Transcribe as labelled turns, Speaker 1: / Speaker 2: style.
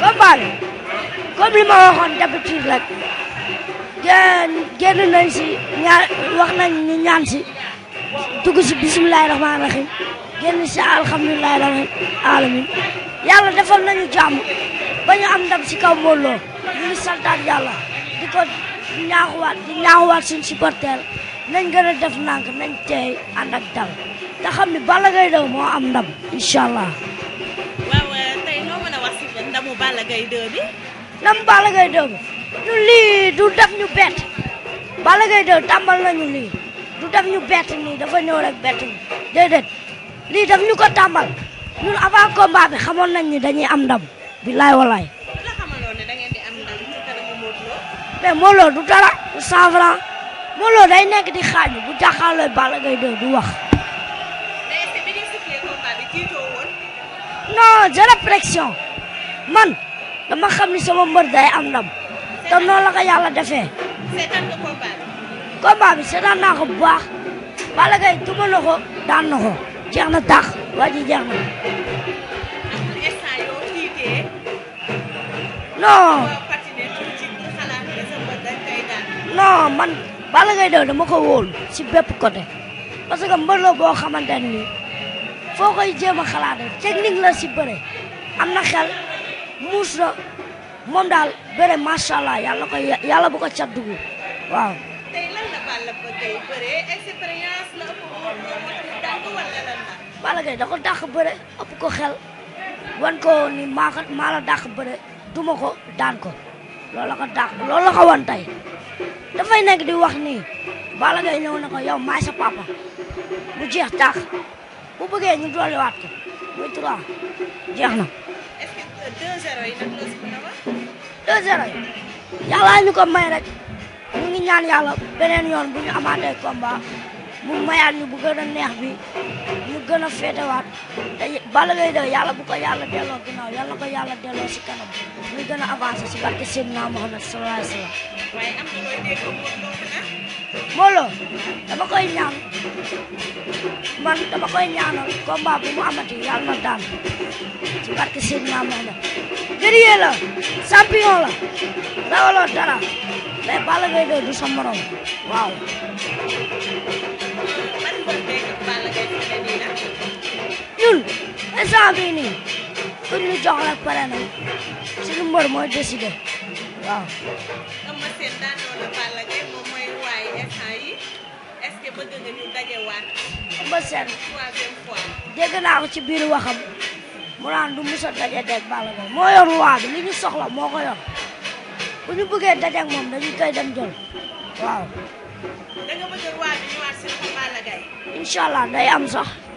Speaker 1: comprendre comme li ma waxoon d'habitude rek génn génn nañ si ñaan wax nañ ñu ñaan si dugg si bisimilahi rahmaani rahim génn si alhamdulilahi rabbil alamin yàlla defal nañu jàmm ba am ndam si kaw Modou Lo ñu ngi santaat yàlla di ko ñaaxuwaat di ñaaxuwaat suñu supporter nañ gën a def nànk nañ teey ànd dal te xam ni Balla Gaye moo am ndam incha Balla Gaye 2 bi. ndam Balla Gaye lii du def ñu bett Balla Gaye 2 tàmbal nañu lii du def ñu bett nii dafa ñëw rek bett ñu déedéet lii daf ñu ko tàmbal ñun avant combat bi xamoon nañ ni dañuy am ndam billaay walaay. la xamaloon ne am ndam ci kanamu Modou Lo. mais Modou Lo du dara du cent franc Modou day nekk di xaaju bu jàkkaarloo Balla Gaye 2 du wax. mais est-ce man. dama xam ni sama mbër day am ndam te noonu la ko yàlla defee. naa ko bu baax Balla duma na ko daan na ko jeex na tax waa ji jeex na. non man Balla Gaye de dama ko wóolu si bépp côté parce que mbër la boo xamante nii foo koy jéem a xalaate technique la si bëre am na xel. muus na moom daal bëre macha allah yàlla ko yàlla bu ko cat dugg waaw. tey lan la Balla Gaye bëre expérience la ëpp ko wala lan la. Balla Gaye da ko dàq bëre ëpp ko xel wan ko ni maa ko maa dàq bëre duma ko daan ko loolu la ko dàq loolu la ko wan tey dafay nekk di wax nii Balla Gaye ñëw na ko yow maay sa papa bu jeex dàq bu bëggee ñu dolliwaat ko muy trois jeex na. deux zéro yi yàlla ñu ko may rek ñu ngi ñaan yàlla beneen yoon bu ñu amaatee combat mu mayaat ñu bu gën a neex bi ñu gën a féetewaat te Balla Gaye de yàlla bu ko yàlla delloo ginnaaw yàlla ko yàlla delloo si kanam ñu gën a avancé si barke Seydina Muhammad sallallahu alayhi wa Molo, ko niyan. Man, tabakoy niyan. Kung babi mo amati, almadan. jadi kisin ya naman. Diriela, sampiola. Rawalo dara. Le palagay do, do samaro. Wow. Ano ba ang palagay sa kanina? yul ang eh, sabi ni. Kung ni Jokalak eh, pa rin. Sinumbar mo, de Wow. Ang masinda, no? bëgg nga ñu dajewaat. Eumeu Sène troisième fois. dégg naa ko ci biir waxam mu naan du mos a daje deg Balla moo yor waa bi li ñu soxla moo ko yor bu ñu bëggee dajeeg moom dañu koy dem jël waaw. da nga bëgg waa bi ñëwaat seen ko Balla Gaye. incha allah day am sax.